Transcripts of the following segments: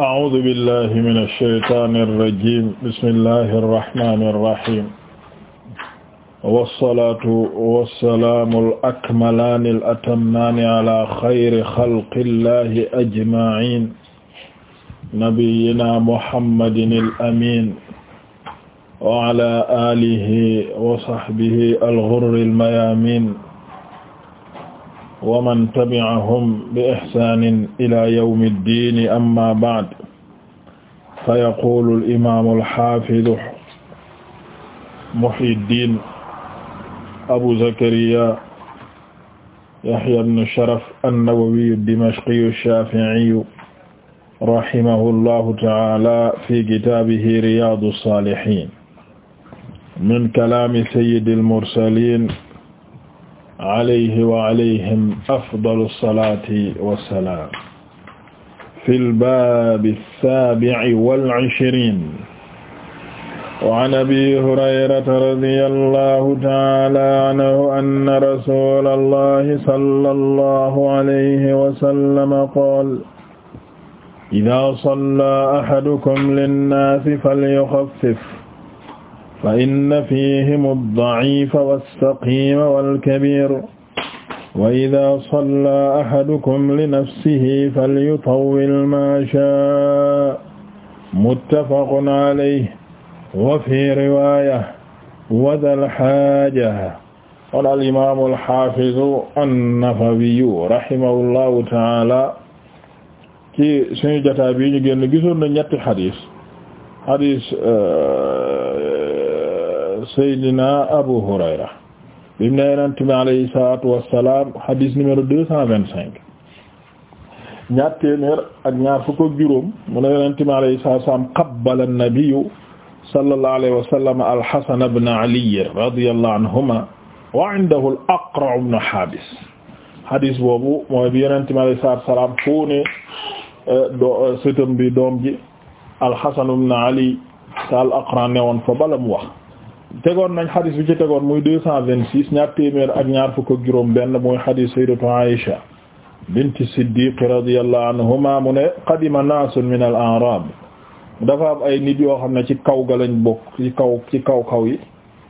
أعوذ بالله من الشيطان الرجيم بسم الله الرحمن الرحيم والصلاة والسلام الأكملان الأتمان على خير خلق الله أجمعين نبينا محمد الأمين وعلى آله وصحبه الغر الميامين wa man tabi'ahum bi ihsaanin ilaa yawmi ddiin amma ba'd fa yaquulu al-imaamu al-haafidu Muhyiddin Abu Zakariyaa Yahyaa ibn Sharaf an-Nawawi ad-Dimashqi ash-Shaafi'i rahimahullaahu ta'aalaa fi kitaabihi Riyaadu s-Saalihiin min kalaami sayyidil mursaliin alayhi wa alayhim afdalu salaati wa salaam. fil baabi saabi'i wal ishriin. wa an abii hurayrata radiyallaahu ta'aalaa anhu anna rasuulallaahi sallallahu alayhi wa sallam qaala. idaa sallaa ahadukum linnaasi falyaxaffif. fa inna fiihim ad-da'iifa was-saqiima wal-kabiira wa idaa sallaa ahadukum li nafsihi falyutawwil maa shaa'a muttafaqun alayhi wa fii riwaaya wa dhal haaja qaala al-imaamu al-haafizu an-Nawawi rahimahullahu ta'aala ci suñu jotaay bi ñu génn gisoon na ñetti hadiis hadiis euh, Seydina Abu Hurayra bi mu ne Yonent bi alayhi salaatu wassalaam hadis numéro deux cent vingt cinq ñaar téeméer ak ñaar fukk ak juróom mu ne Yonent bi alayhi salaatu wassalaam qabbala an-nabiyyu sallallahu alayhi wa sallam al-Hasan ibn Ali radiyallahu anhuma wa indahu al-Aqra' ibn Haabis hadis boobu mooy bi Yonent bi alayhi salaatu wassalaam fu ne euh, euh, sëtam bi doom ji al-Hasan ibn Ali sa al-Aqra' newoon fa bala mu wax tegoon nañ xadis bi ci tegoon muy deux cent vingt six ñaar téeméer ak ñaar fukk ak juróom benn muy xadis sayyidatu Aïcha binti Siddiq radiyallahu anhuma mu ne qadima naasun min al arab dafa am ay nit yoo xam ne ci kaw ga lañ bokk ci kaw ci kaw kaw yi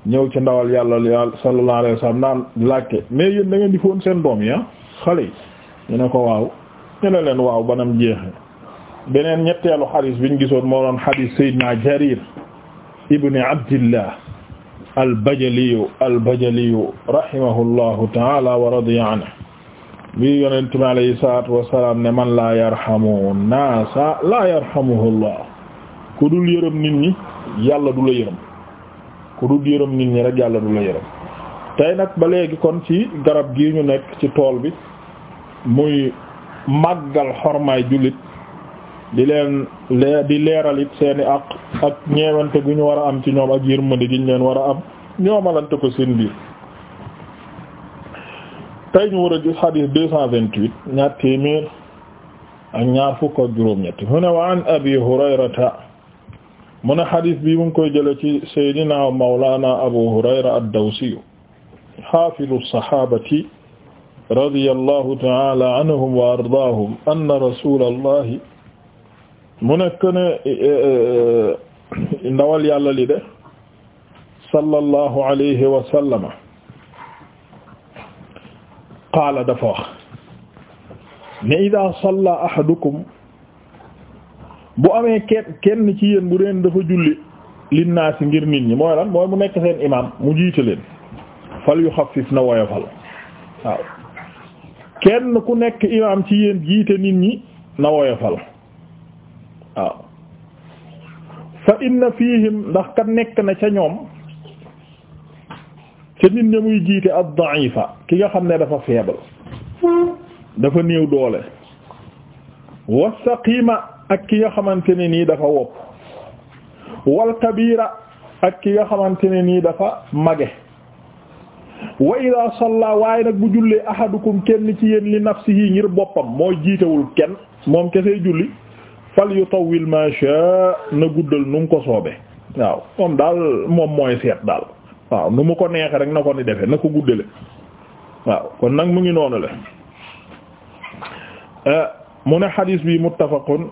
ñëw ci ndawal yàlla yàlla sallallahu alayhi wasallam naan laajte mais yéen da ngeen di foon seen doom yi ah xale yi ñu ne ko waaw ñu ne leen waaw banam jeexe beneen ñetteelu bi ñu gisoon moo doon xadis Seydina Jarir ibn Abdillah albajaliyu albajaliyu rahimahullahu taala wa radiya anhu bi yonent mi alayhi salaatu wasalaam ne man laa yarhamu naasa laa yarhamuhullah ku dul yërëm nit ñi yàlla du la yërëm ku dul yërëm nit ñi rek yàlla du la yërëm tey nag ba léegi kon ci garab gii ñu nekk ci tool bi muy màggal xormaay jullit di leen di leeral seeni àq ak ñeewante gu ñu war a am ci ñoom ak yërmande gi ñu leen war a am ñoomalante ko seen biir tey ñu war a gis xadiis deux cent vingt-huit ñaar téeméer ak ñaar fukk ak juróom-ñett mu ne wa an abi hurayrata mu bi mu ngi koy jële ci seydina mawlana abu hurayra ad-dawsi xaafidu saxaabati radiyallahu ta'ala anhum wa ardaahum anna rasuulallahi mu nekk ne e, e, e, ndawal yàlla li de sallallahu alayhi wa sallama qaala dafa wax ne idaa salla ahadukum bu amee kenn kenn ci yéen bu reen dafa julli linnaasi ngir nit ñi mooy lan mooy mu nekk seen imaam mu jiite leen fal yu xafif na woyofal waaw kenn ku nekk imaam ci yéen jiite nit ñi na woyofal waaw fa inna fihim ndax kat nekk na ca ñoom ca nit ña muy jiite ad-da'ifa ki nga xam ne dafa faible dafa néew doole wa saqima ak ki nga xamante ne nii dafa wopp wal kabira ak ki nga xamante ne nii dafa mage wa ida salla waaye nag bu jullee ahadukum kenn ci yenn li nafsihi ngir boppam mooy jiitewul kenn moom kesey julli fal yutawwil ma sha na guddal nu mu ko soobee waaw moom daal moom mooy seet daal waaw nu mu ko neexee rek na ko ni defee na ko guddale waaw kon nag mu ngi noonu le eh, mu ne xadis bi muttafaqun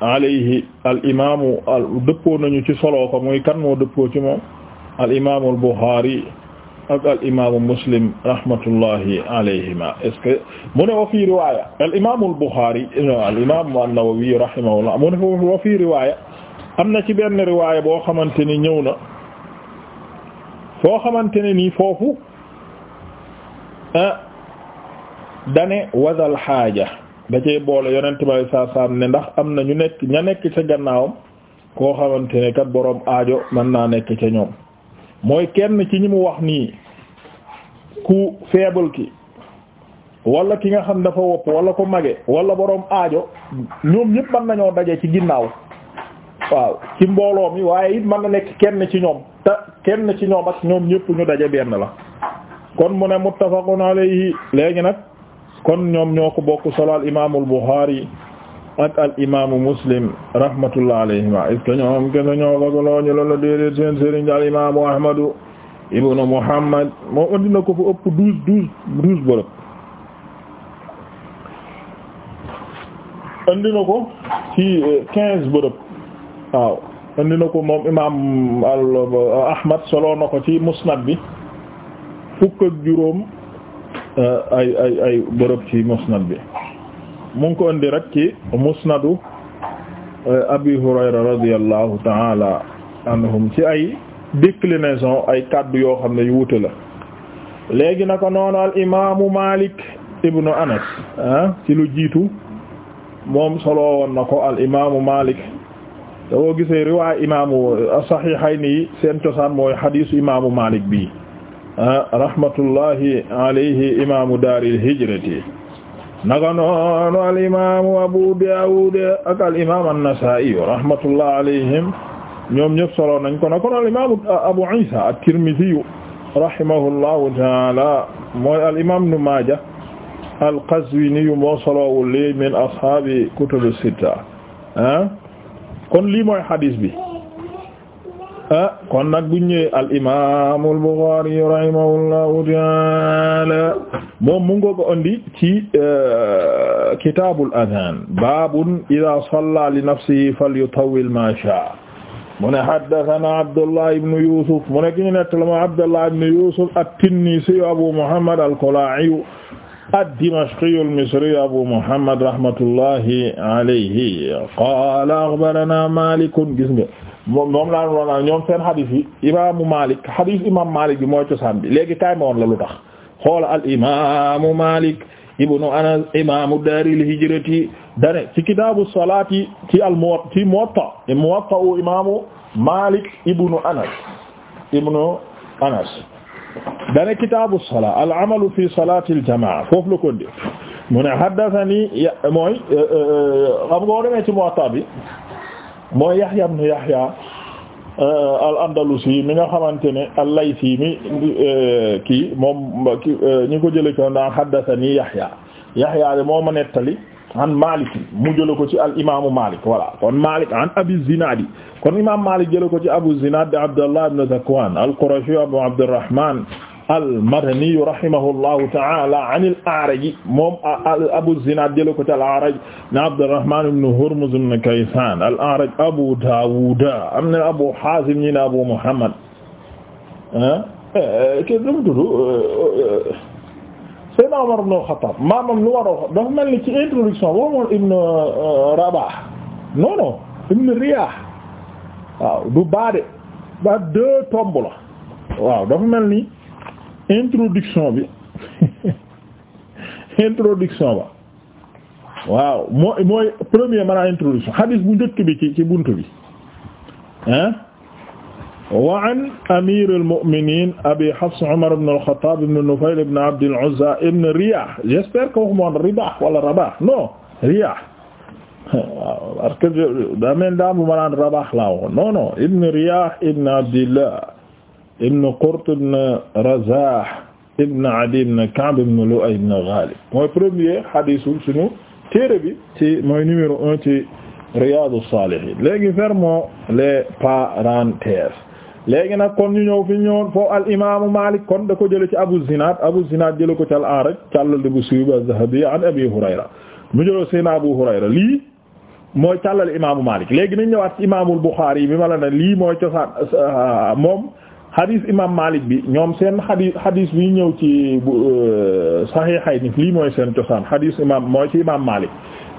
alayhi al imaamu al dëppoo nañu ci solo ko muy kan moo dëppoo ci moom al imaamu al Buxaari ak al imaamu muslim rahmatullahi alayhima est que mu ne wa riwaaya al imaamu al buxaari al mu ne wa riwaaya am na ci benn riwaaya boo xamante ni ñëw na foo xamante ne nii foofu ah dane wazal xaaja da boole yonent bi saa ne ndax am na ñu nekk ña nekk ca gannaawam ko xamante ne kat boroom aajo mën naa nekk ca ñoom. mooy kenn ci ñi mu wax nii ku feebal ki wala ki nga xam dafa wopp wala ko mage wala boroom aajo ñoom ñëpp mën nañoo daje ci ginnaaw waaw ci mbooloo mi waaye it mën na nekk kenn ci ñoom te kenn ci ñoom ak ñoom ñëpp ñu daje benn la kon mu ne muttafaqun alayhi léegi nag kon ñoom ñoo ko bokk solo al imaamul Buxaari ak al imaamu muslim rahmatullah alayhima est-ce que ñoom kese ñoo ko solo ñu loolu déedéet seen sëriñ imaamu ahmadu ibnu muhammad moom andi ko fa ëpp bërëb andi ko ci quinze bërëb waaw andi ko moom imaam al ahmad solo ko ci musnad bi fukk ak juróom ay ay bërëb ci musnad bi mu ngi ko indi rek ci musnadu euh, abi hurayra radiyallahu taala anhum ci ay déclinaison ay kaddu yoo xam ne yu wute la léegi naka noonu al imaamu malik ibnu anas ah ci lu jiitu moom solo woon na ko al imaamu malik te boo gisee riwaay imaamu euh, saxiixayni yi seen cosaan mooy xadiisu imaamu malik bi ah, rahmatullahi alayhi imaamu daaril hijrati naka noonu al imaamu Abu Daawud ak al imaam an-Nasaa'i rahmatullah alayhim ñoom ñëpp solo nañ ko naka noonu al imaamu Abu Iisa at-Tirmidhi rahimahullahu ta'ala mooy al imaam Ibnu Maaja al-Qazwiini moo solowul li min ashaabi kutubu sitta ah kon lii mooy hadis bi. kon nag bu ñëwee al imaam al Buxaari rahimahullahu ta'ala moom mu ngi ko andi ci eh, kitaabul adaan baabun idaa sallaa li nafsihi falyutawwil maa shaa'a mu ne haddasanaa Abdullah ibn Yuusuf mu ne ki ñu nettali ma Abdullah ibn Yuusuf at-Tinnisi Abu Muhammad al-Kalaa'i ad-Dimashqi al-Misri Abu Muhammad rahmatullahi alayhi qaala axbaranaa Maalik gis nga moom moom laa doon wax ñoom seen xadis yi imaamu Malik xadis imam Malik bi mooy cosaan bi léegi kaay ma woon la lu tax xoola al imaamu Malik ibnu Anas imaamu daaril hijrati dane ci kitaabu salaati ci al muwatta ci muwatta muwatta u imaamu Malik ibnu Anas ibnu Anas dane kitaabu salaat al amalu fi salaati al jamaa foofu la ko def mu ne haddathani mooy xam nga demee ci muwatta bi mooy Yahya ibn Yahya euh, al andalusi mi nga xamante ne al laysi mi euh, kii moom euh, ñi ko jële ko naan haddathani Yahya Yahya de moo ma nettali an Malik mu jële ko ci al imaamu Malik voilà kon Malik an Abi Zinadi kon imaam Malik jële ko ci Abu Zinad Abdallah ibn Zakwan al Qurashi Abu Abdurrahman al-Madaniyu rahimahullahu ta'ala an al-A'raj moom Abu Zinaad jëlee ko ci al-A'raj na Abdurrahmaan ibn Hurmuz ibn Kaysaan al-A'raj Abu Daawuud am na Abu Haazim ñi na Abu Muhammad eh, ke dum tudd Seydina Umar ibn Xattaab maamam lu waroo dafa mel ni ci introduction woomoon Ibn euh, Rabaah non non Ibn Riyaah waaw du baade ba deux tombes la waaw dafa mel ni introduction bi introduction ba waaw mooy mooy premier mana introduction hadis bu njëkk bi ci ci bunt bi ah wa an amir al-mu'minin abi hafs umar ibn al-khattab ibn nufayl ibn abd al-uzza ibn riyah j'espère que waxuma woon ribah wala rabah non riyah waaw parce que daa mel daa bu ma naan rabah laa woon non non ibn riyah ibn abdillah ibn Qurt ibn Razah ibn Adi ibn Ka'b ibn Lu'ay ibn Ghalib mooy premier hadisul suñu téere bi ci mooy numéro un ci Riyâdous-Sâlihîne léegi fermons les parenthèses léegi nag kon ñu ñëw fi ñëwoon foo al imaamu Maalik kon da ko jële ci Abu Zinaad Abu Zinaad jële ko ci al-A'raj càllale bu siiw bi az-Zahabi an Abi Hurayra mu jëloo Seydina Abu Hurayra lii mooy càllale imaamu Maalik léegi nañ ñëwaat ci imaamul Buxaari yi bi ma la ne lii mooy cosaan moom hadith imam Malik bi ñoom seen hadith hadith bi ñëw ci euh, Sahihayni lii mooy seen cosaan hadith imam mooy ci imam Malik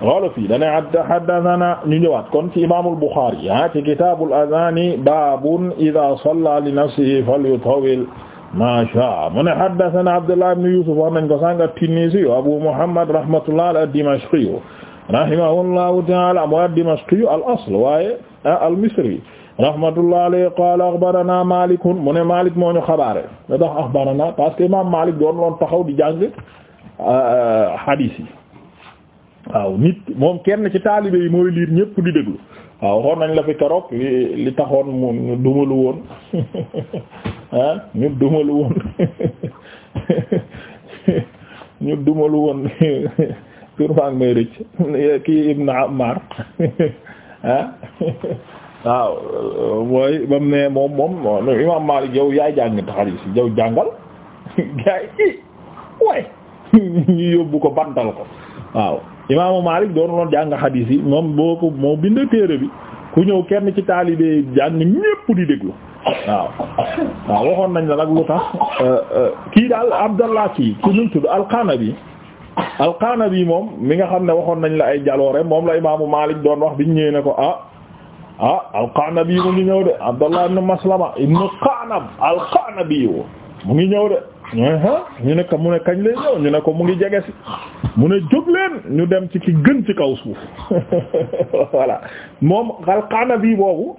loolu fii dane haddathana ñu ñëwaat kon ci imaamul Bukhari ah ci kitaabul adhaani baabun idhaa salla li nafsihi falyutawil maa shaa mu ne haddathana Abdullah ibn Yusuf wax nañ ko sànga Tinnisi Abu Muhammad rahmatullah ad-Dimashqi rahimahullahu ta'ala mooy ad-Dimashqi al-asl waaye ah, al-Misri rahmatullah alayhi qaala axbarana malikun mu ne malik moo ñu xabaare da tax axbarana parce que imam malik doon loon taxaw di jàng euh, hadith yi waaw nit moom kenn ci taalibe yi mooy liir ñëpp di déglu waaw xool nañ la fi keroog li li taxoon mu ñu dumalu woon ñu dumalu woon ñu may rëcc kii Ibn Ammar ah waaw mooy ba mu ne moom moom Imaam Maalik yow yaay jàng taxari si yow jàngal gaay yi waaye ñu ko bantal ko waaw Imaamu Maalik doon loon jàng xadiis yi moom boo ko moo bind téere bi ku ñëw kenn ci taalibe jàng ñépp di déglu waaw waxoon nañ la nag lu tax euh, euh, kii daal Abdallah kii ku ñu tudd Al-Qanabi Al-Qanabi moom mi nga xam ne waxoon nañ la ay jaloore moom la Imaamu Maalik doon wax biñ ñëwee ne ko ah ah al-Qa'nabi mu ngi ñëw de Abdallah ibn Maslama ibn Qa'nab al-Qa'nabi mu ngi ñëw de ñu nekk mu ne kañ lay ñëw ñu ne ko mu ngi jege mu ne jóg leen ñu dem ci ki gën ci kaw suuf voilà moom al-Qa'nabi boobu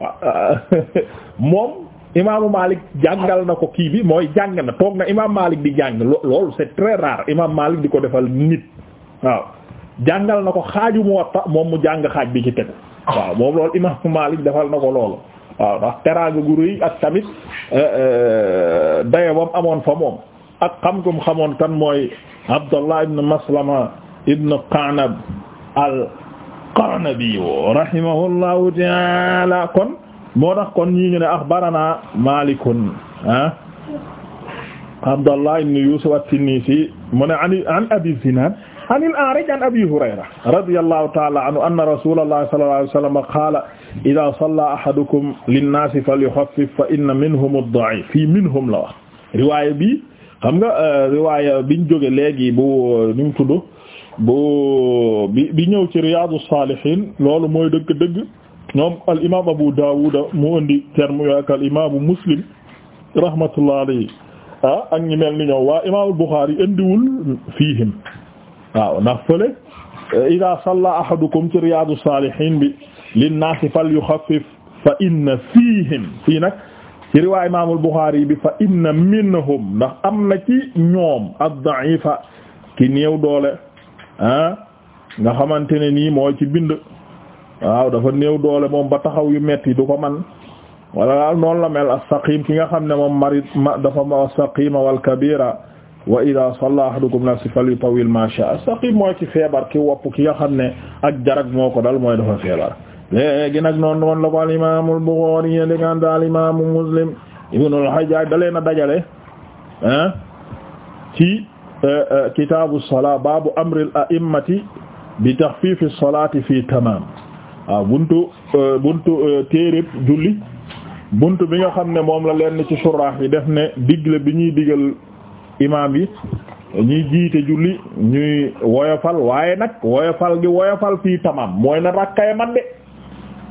moom imaamu Malik jàngal na ko kii bi mooy jàng na toog na imaamu Malik di jàng loolu c'est très rare imaamu Malik di ko defal nit waaw jàngal na ko xaaju Muwatta moom mu jàng xaaj bi ci tegu waaw moom loolu imam Malik defal na ko loolu waaw ndax teraanga gu rëy ak tamit euh, euh, daye bam amoon fa moom ak xam gum xamoon kan mooy Abdallah ibn Maslama ibn Qanab al-Qanabi rahimahullahu ta'ala kon moo tax kon ñii ñu ne akhbarana Malikun ah Abdallah ibn Yusuf at-Tinnisi mu ne an Abi Zinad an al-A'raj an Abi Hurayra radiyallahu ta'ala anhu anna rasulallahi sallallahu alayhi wa sallam qaala idha salla ahadukum lin-naasi falyukhaffif fa inna minhum ad-da'if fii minhum la wax riwaaya bi xam nga riwaaya biñ jóge léegi bu ñu tudd bu bi bi ñëw ci Riyâdous-Sâlihîne loolu mooy dëgg-dëgg ñoom al imaam Abu Dawud mu indi terme yooyu ak al imaamu Muslim rahmatullahi alayhi ah ak ñi mel ni ñoom waa imaamul Bukhari indiwul fiihim waaw ndax fële ida salla ahadukum ci riyaadu salihin bi linnaasi fal yuxaffif fa inna fiihim fii nag ci riwaay imaamul Buxaari bi fa inna minhum ndax am na ci ñoom ad-da'ifa ki néew doole ah nga xamante ne nii mooy ci bind waaw dafa néew doole moom ba taxaw yu metti du ko man wala noonu la mel as-saqiim ki nga xam ne moom marid dafa ma as-saqiima wal kabira wa ida salla ahadukum nafsi falyutawil ma sha'a saqim mooy ci feebar ki wopp ki nga xam ne ak jarag moo ko dal mooy dafa feebar léegi nag noonu noonu la ko al imam al Bukhari yéen dikanta al imam Muslim ibn al Hajjaj da dajale ah, ci eh, eh, kitaabu salaa baabu amril a'immati bi taxfiifi salaati fii tamaam waaw ah, buntu eh, buntu téereb julli buntu bi nga xam ne moom la leen ci surah yi def ne digle bi ñuy digal imaam yi ñuy jiite julli ñuy woyofal waaye nag woyofal gi woyofal fii tamaam mooy na rakkay man de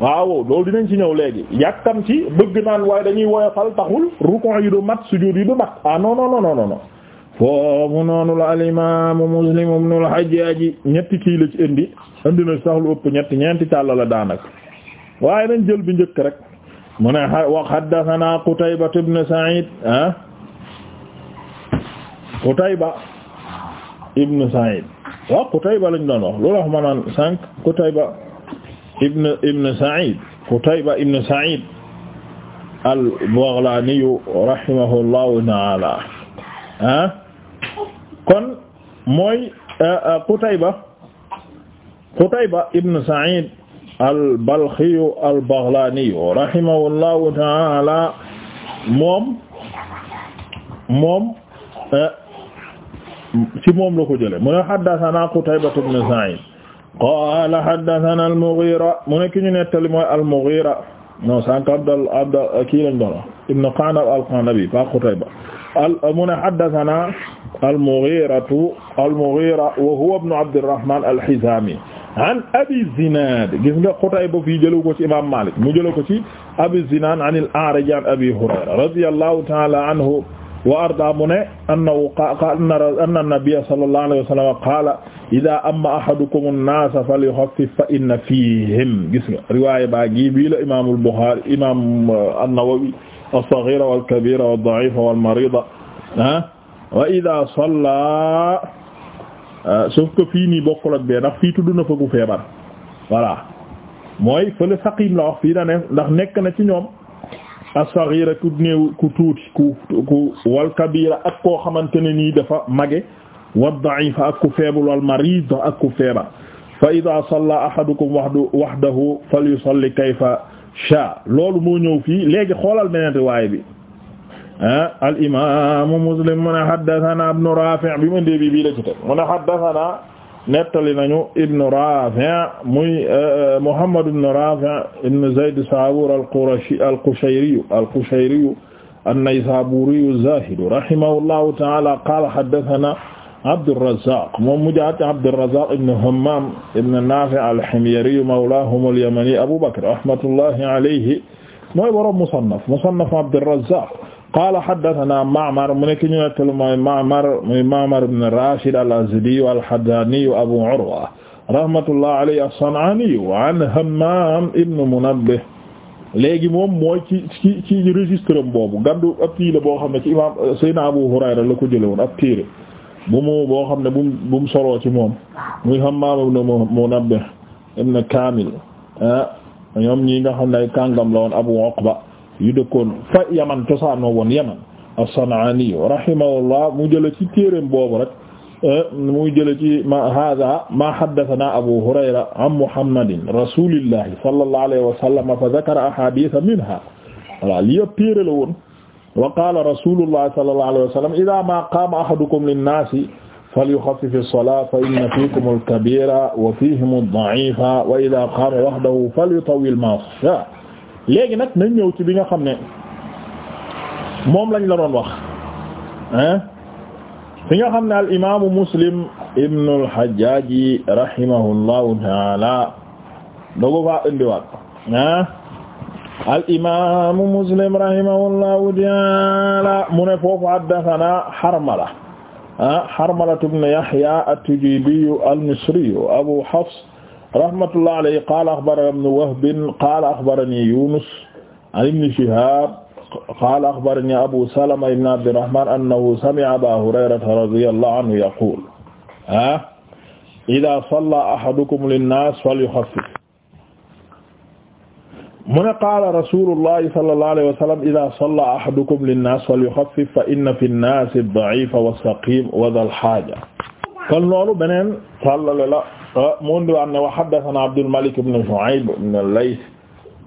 waaw loolu dinañ ci ñëw léegi yàkkam ci bëgg naan waaye dañuy woyofal taxul rukon yi du mat sujud yi du mat ah non non non non non foofu noonu la al imaam Muslim ibn al Hajjaj ñetti kii la ci indi indi na sax lu ëpp ñetti ñeenti tàlla la daanaka waaye nañ jël bi njëkk rek mu ne wax haddathana Qutayba ibn Sa'id ah Qutayba ibn Sa'id waaw Qutayba lañ doon wax loolu wax ma naan sànq Qutayba ibn ibn Sa'id Qutayba ibn Sa'id al-Baghlani rahimahullahu ta'ala ah kon mooy eh, eh, Qutayba Qutayba ibn Sa'id al-Balkhi al-Baghlani rahimahullahu ta'ala moom moom eh, ci moom la ko jëlee mu ne haddathana Qutayba ibn Sa'id qala haddathana al-Mughira mu ne ki ñu nettali mooy al-Mughira non sànq Abdal Abdal kii lañ doon ibn Qanab al-Qanabi ba Qutayba mu ne haddathana al-Mughira al-Mughira wa huwa ibn Abd al-Rahman al-Hizami an Abi Zinad gis nga Qutayba fii jëlu ko ci Imam Malik mu jëlu ko ci Abi Zinad an al-A'raj an Abi Hurayra radiyallahu ta'ala anhu wa arda mu ne annahu anna nabiyya sallallahu alayhi wa sallam qaala ida amma ahadukum an-naasa falyukhaffif fa inna fihim gis nga riwaaya baa gi bii la imaam al-Buxaari imaam an-Nawawi as-saghira wal-kabira wad-da'ifa wal-marida ah wa ida salla ah, sauf que fii nii bokkul ak bee ndax fii tudd na fa ku feebar voilà mooy fële saqim la wax fii da ne ndax nekk na ci ñoom as-saghira ku néew ku tuuti ku ku wal kabira ak koo xamante ne nii dafa mage wa da'ifa ak ku feebul wal marid ak ku feebar fa idha salla ahadukum wahdu wahdahu falyusalli kayfa sha loolu moo ñëw fii léegi xoolal beneen riwaaya bi ah al imaamu muslim mu ne haddathana ibnu rafi' bi ma ndee bi bii la ci teg mu ne haddathana nettali nañu Ibn Rafi' muy eh, eh, Muhammad ibn Rafi' ibn Zayd Saabur al-Qurashi al-Qushayri al-Qushayri an-Naysaburi az-Zahid rahimahullahu ta'ala qala haddathana Abdurrazzaq moom mujaat Abdurrazzaq ibn Hammam ibn Nafi' al-Himyari mawlahum al-Yamani Abu Bakr rahmatullahi alayhi mooy borom Musannaf Musannaf Abdurrazzaq qaala haddasanaa Ma'mar mu nekk ñu nettali mooy Ma'mar muy Ma'mar ibn Rashid al-Azdiyu al-Haddaniyu Abu Urwa rahmatullahi alayhi as-San'aniyu an Hammaam ibn Munabbih léegi moom mooy ci ci ci registre am boobu gàddu ab tiire boo xam ne ci imaam Seydina Abu Hurayra la ko jëlee woon ab tiire bu mu boo xam ne bu mu bu mu soloo ci moom muy Hammaam ibn Munabbih ibn Kaamil ah ñoom ñii nga xam ne ay kàngam la woon Abu Uqba yu dëkkoon fa yaman cosaanoo woon yaman as-San'aani rahimahullah mu jële ci téereem boobu rek eh, mu jële ci ma hada ma haddathana Abu Hurayra an Muhammadin rasulillahi sallallahu alayhi wa sallam fa dhakara ahaditha minha voilà li yëpp téere la woon wa qala rasulullah sallallahu alayhi wa sallam idha ma qama ahadukum lin-nasi falyukhaffif as-salata fa inna fikum al-kabira wa fihim ad-da'ifa wa idha qama wahdahu falyutawwil ma sha'a léegi nag nañ ñëw ci bi nga xam ne moom lañ la doon wax hein fi nga xam ne al imaamu muslim ibnu al hajjaaji rahimahullahu taala dogo fa indiwaat hein al imaamu muslim rahimahullahu taala mu ne foofu haddathana harmala ah harmala ibn yahya at-tujibi al misri abu hafs rahmatullah alayhi qaala axbarana ibnu wahbin qaala axbarani yunus an ibni shihab qaala axbarani abu salama ibni abdirahman annahu sami'a aba hurayrata radiyallahu anhu yaqul ah ida salla ahadukum linnas falyuxaffif mu ne qaala rasulullahi sallallahu alayhi wa sallam ida salla ahadukum linnas falyuxaffif fa inna fi nnaasi ad-da'ifa was-saqiim wa dhal haaja kon loolu beneen sàllale la mu ndiwaan ne wa haddathana Abdul Malik ibn Shu'ayb ibn al-Layth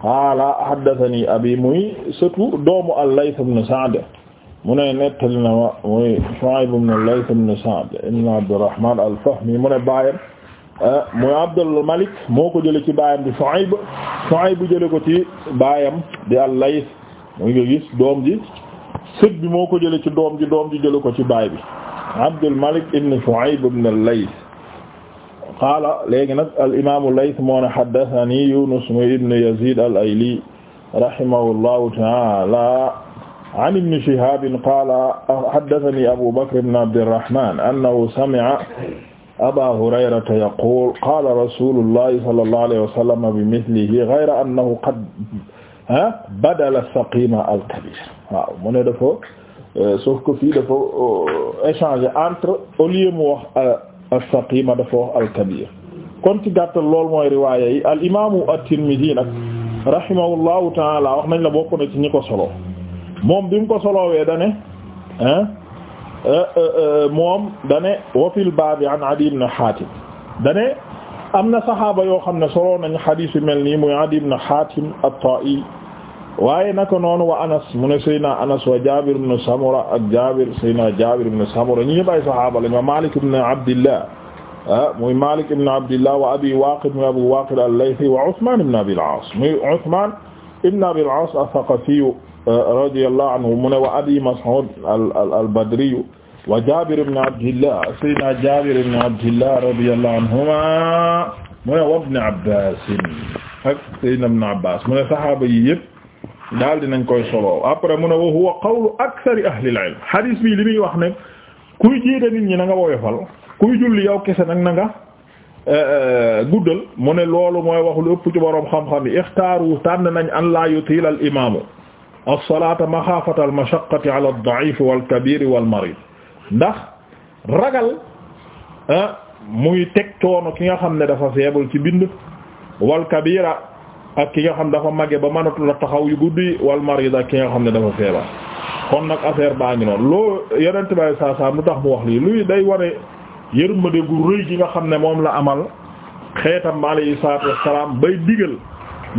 qaala haddathani abi muy surtout doomu al-Layth ibn Sa'd mu ne nettali na ma muy Shu'ayb ibn al-Layth ibn Sa'd ibn Abdurrahman al-Fahmi mu ne baayam eh, muy Abdul Malik moo ko jële ci baayam di Shu'ayb Shu'ayb jële ko ci baayam di al-Layth mu ngi gis doom ji sët bi moo ko jële ci doom ji doom ji jële ko ci baay bi Abdul Malik ibn Shu'ayb ibn al-Layth qaala léegi nag al imaamu Layth moo ne haddathanii Yunus ibn Yazid al-Ayli rahimahullahu ta'ala an ibn Shihab qaala haddathanii Abu Bakr ibn Abdirrahman annahu sami'a Abaa Hurayrata yaquulu qaala rasuulullahi sallallahu alayhi wa sallam bimithlihi ghayra annahu qad badala as-saqiima al-kabiir waaw mu ne dafa eh, sauf que fii dafa oh, échanger entre au lieu mu wax. Euh, as-saqima dafa wax al-kabir kon ci gàttal lool mooy riwaaya yi al imaamu at-Tirmidhi nag rahimahullahu taala wax nañ la bokk na ci ñi ko solo moom bi mu ko solowee dane euh, euh, euh, moom dane wa fil baabi an Adi ibn Hatim dane am na saxaaba yoo xam ne solo nañ xadiis yu mel nii muy Adi ibn Hatim at-Ta'i waaye naka noonu wa anas mu ne Seydina anas wa Jaabir ibn Samura ak Jaabir Seydina Jaabir ibn Samura ñi ñëpp ay sahaaba lañu wa Maalik ibn Abdillah ah muy Maalik ibn Abdillah wa Abi Waaqid muy Abu Waaqid al-Laythi wa Usmaan ibn Abil Aas muy Usmaan ibn Abil Aas as-Saqafi radiyallahu anhu mu ne wa Abi Mas'uud al-Badri wa Jaabir ibn Abdillah Seydina Jaabir ibn Abdillah radiyallahu anhumaa mu ne wa Ibn Abbaas ak Seydina Ibn Abbaas mu ne sahaaba yi yëpp daal dinañ koy solo après mu ne wa huwa qawlu akthari ahlil ilm hadis bi li muy wax ne kuy jiite nit ñi nanga nga woyofal kuy julli yow kese nag na nga euh, guddal mu ne loolu mooy wax lu ëpp ci boroom xam-xam yi ixtaaru tànn nañ an la yutiila al imaamu as-salaata maxaafata al mashaqqati ala ad-da'if wal euh, teg coono ki nga xam ne dafa feebul ci bind wal kabira ak ki nga xam dafa màgge ba mënatul a taxaw yu guddi wal marid ak ki nga xam ne dafa feebar kon nag affaire baa ngi noonu loo yeneen tubaab yi saa lu tax mu wax lii luy day ware yërmande gu rëy gi nga xam ne moom la amal xeetam alayhi salaatu wassalaam bay digal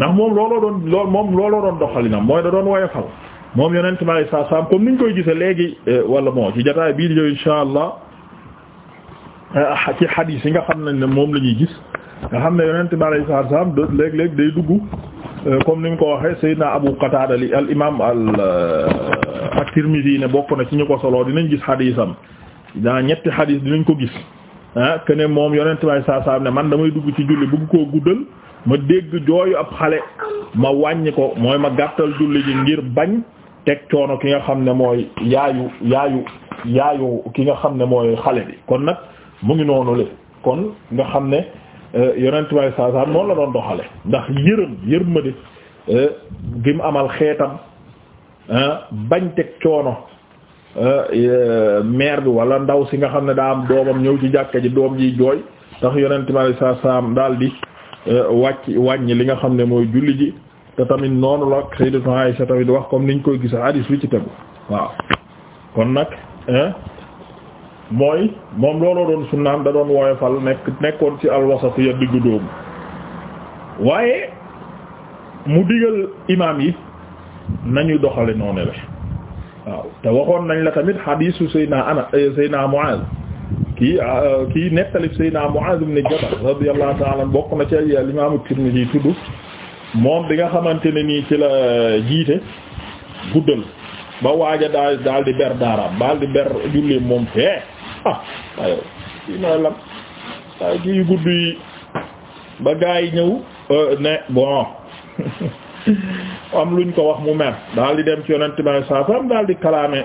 ndax moom looloo doon lool moom looloo doon doxalinam mooy da doon woyofal moom yeneen bi alayhi salaatu wassalaam comme ñu koy gisee léegi eh, wala moo ci jotaay bii di ñëw inshaa Allah eh, ci xadiis yi nga xam ne moom la ñuy gis. nga xam ne yonent bi alayhi salaatu wa do léeg-léeg day dugg euh, comme ni mu ko waxee Seydina Abu Qatada li al imaam al euh, at-Tirmidhi ne bokk na ci ñu ko solo dinañ gis xadiisam daa ñetti xadiis dinañ ko gis ah que ne moom yonent bi alayhi salaatu wa ne man damay dugg ci julli bugg koo guddal ma dégg jooyu ab xale ma wàññi ko mooy ma gàttal julli ji ngir bañ teg coono ki nga xam ne mooy yaayu yaayu yaayu ki nga xam ne mooy xale bi kon nag mu ngi noonu le kon nga xam ne. Euh, yonent bi saa saa noonu la doon doxale ndax yërëm ma euh, gi gim amal xeetam bañ teg coono euh, maire bi wala ndaw si nga xam ne daa am doomam ñëw ci jàkka ji doom ji jooy tax yonent bi saa saa daal di wàcc wàññi li nga xam ne mooy julli ji te tamit noonu la Sayyidatu Aisha tamit wax comme ni ñu koy gis hadis bi ci tegu waaw kon nag. mooy moom looloo doon sunnaam da doon woyofal nekk nekkoon ci alwasatu ya diggu dóomu waaye mu digal imaam yi nañu doxale noonu la waaw te waxoon nañ la tamit hadiisu Seydina ana eh, Seydina Muaz kii ah, kii nettalib Seydina Muaz ibn Jabal radiyallahu ta'ala bokk na ci al imaam Tirmidhi tudd moom bi nga xamante ne nii ci la eh, jiite guddal ba waaja daal daal di ber daaraam daal di ber julli moom fee aywa kii mooy lan waaye kii yu gudd yi ba gaa yi ñëw euh, ne bon am luñ ko wax mu mer daal di dem ci yonent ma saa am daal di kalaame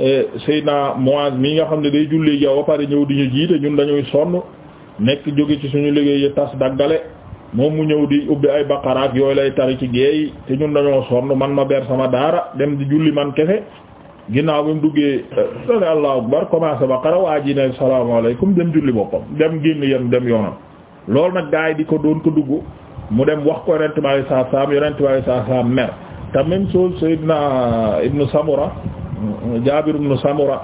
euh, Seydina Muaz mi nga xam ne day julli yow ba pare ñëw di ñu jiite ñun dañuy sonn nekk jóge ci suñu liggéey yi tas daggale moom mu ñëw di ubbi ay baqaraak yooyu lay tari ci géey te ñun dañoo sonn man ma ber sama daara dem di julli man kese ginnaaw bi mu duggee sane allahu akbar commencé baqara waa ji ne salaamaaleykum dem julli boppam dem génn yem dem yoonam loolu na gaay di ko doon ko dugg mu dem wax ko yonente bi alayhi salaatu salaam yonente bi alayhi salaatu salaam mer te même chose Seydina ibnu Samura Jaabir ibnu Samura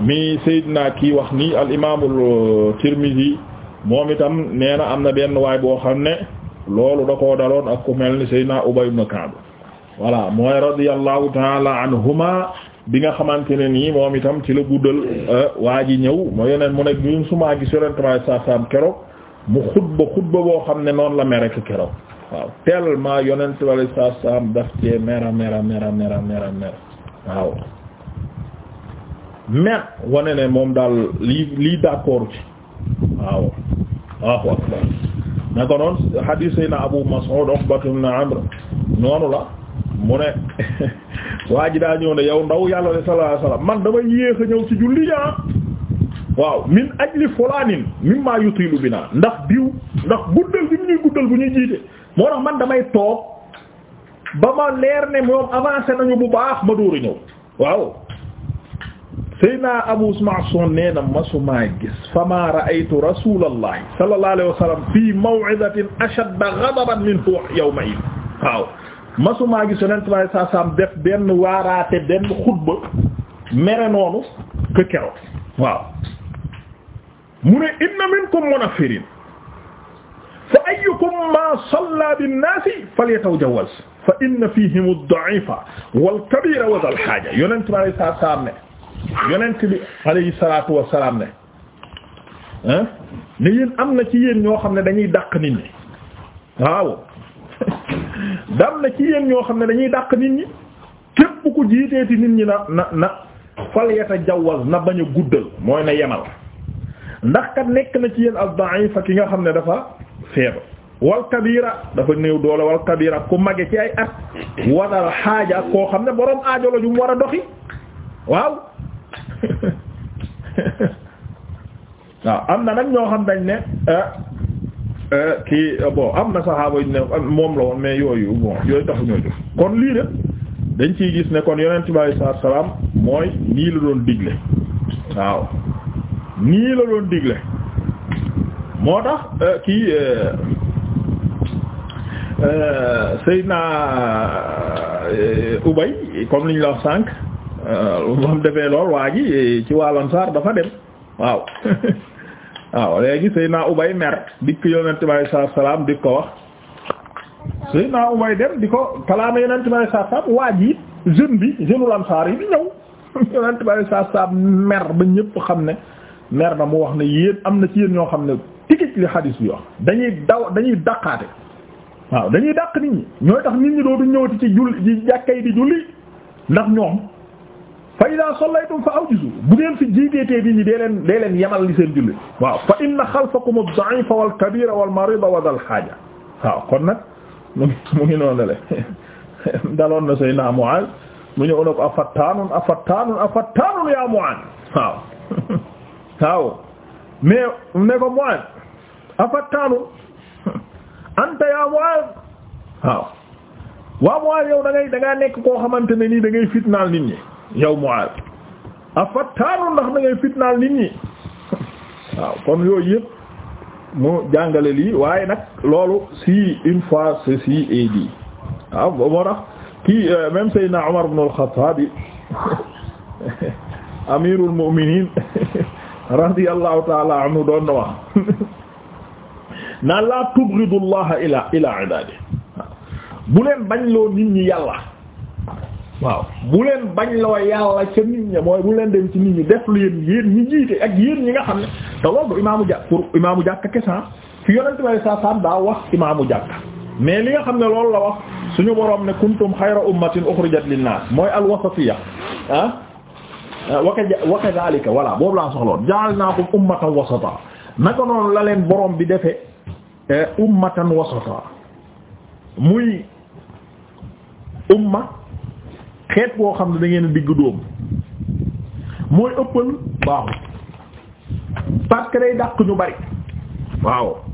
mi Seydina kii wax nii al imaamul Tirmizi moom itam nee am na benn waay boo xam ne loolu da koo daloon ak ku mel ni Seydina Ubay ibnu Ka'b voilà mooy radiyallahu ta'ala anhuma bi nga xamante ne nii moom itam ci la guddal euh, waa ji ñëw moo yeneen mu nekk ñun suma gis yorentuwaay saa saam keroog mu xutba xutba boo xam ne noonu la mere ki keroog waaw tellement yorentuwaay saa saam daf cee mera mera mera mera mera waaw mer wane ne moom daal lii lii d'accord ci waaw waaw waaw naka noonu noonu la. mu ne waa ji daa ñëw ne yow ndaw yàlla de sallallahu alayhi wasallam man dama yéex a ñëw ci julli ñaa waaw min ajli fulaanin mimma yutilu bina ndax diw ndax guddal bi mu ñuy guddal bu ñuy jiite moo tax man damay toog ba ma leer ne moom avancé nañu bu baax ma dóoru ñëw waaw Seydina Abu Ma'sun nee na masumaa gis fama ra'aytu rasulallahi sallallahu alayhi wasallam fi maw'izatin ashadda ghadaban minhu yawma idin waaw masumaa gis yonent bi saa saam def benn waaraate benn xutba mere noonu que keroog waaw mu ne inna minkum munafirin fa ayyukum ma salla binnaasi falyatawajjaz fa inna fihim ad-da'ifa wal-kabira wa dhal-haaja yonent bi saa saam ne yonent bi alayhi salaatu wa salaam ne ah ne yéen am na ci yéen ñoo xam ne dañuy dàq nit ñi waaw. dam na ci yéen ñoo xam ne dañuy dàq nit ñi képp ku jiiteeti nit ñi na na na falyata jawaz na bañ a guddal mooy na yemal ndax kat nekk na ci yéen ad fa ki nga xam ne dafa feebar wal dafa néew doole wal ku mage ci ay at wadal xaaja ak koo xam ne boroom aajo la mu war a doxi waaw waaw am na nag ñoo xam dañ ne eh, Euh, kii euh, bo am na saxaaba yu ne moom la woon mais yooyu bon yooyu taxu ñoo def kon lii de dañ ciy gis ne kon yonent bi alayhi salaam mooy nii la doon digle waaw nii la doon digle moo tax euh, kii naa Ubay comme liñ la wax sànq moom defee lool waa ji ci wàllan sarr dafa dem waaw waaw léegi Seydina Ubay mer dikk yonent bi alayhi salaatu salaam di ko wax Seydina Ubay dem di ko kalaama yonent bi alayhi salaatu waa ji jeune bi jeune ul yi di ñëw yonent bi alayhi salaatu mer ba ñëpp xam ne mer na mu wax ne yéen am na ci yéen ñoo xam ne tikit li xadiis bi wax dañuy daw dañuy dàqaate waaw dañuy daq nit ñi ñooy tax nit ñi dootu ñëwati ci julli ci jàkka yi di julli ndax ñoom fa ida sallaytum fa awjizu bu ngeen fi jiiteetee nit ñi dee leen dee leen yemal li seen julli waaw fa inna xalfakum ad-da'ifa wal kabira wal marida wa dal haaja waaw kon nag mu ngi mu ngi noonu le daloon na say naa Mu'aaz mu ñëw na ko afattaanun afattaanun afattaanun yaa Mu'aaz waaw waaw mais ne ko Mu'aaz afattaanun anta yaa Mu'aaz waaw waa Mu'aaz yow da ngay da ngaa nekk koo xamante ne nii da ngay fitnaal nit ñi yow Mu'aaz afattaanu ndax da ngay fitnaal nit ñi waaw kon yooyu yëpp mu jàngale lii waaye nag loolu si une fois ceci est dit waaw moo tax kii euh, même Seydina Omar ibn al-Khattab amirul mu'minin radiyallahu ta'ala anhu doon na wax naan laa tubghidu Allah ila ila ibadihi bu leen bañ loo nit ñi yàlla waaw bu leen bañ loo yàlla ca nit ña mooy bu leen dem ci nit ñi def lu yéen yéen ñi jiite ak yéen ñi nga xam ne te loolu du imaamu jàkk pour imaamu jàkk kesan ah. fi yonente way sa sam daa wax imaamu jàkk mais li nga xam ne loolu la wax suñu boroom ne kuntum xayra ummatin uxrijat linnaas mooy alwasatiyya ah waka waka zalika voilà boobu laa soxloon ja'alnaakum ummatan wasata naka noonu la leen boroom bi defee eh, ummatan wasata muy umma xeet boo xam ne da ngeen digg dóom mooy ëppal baaxul parce que day dàq ñu bari waaw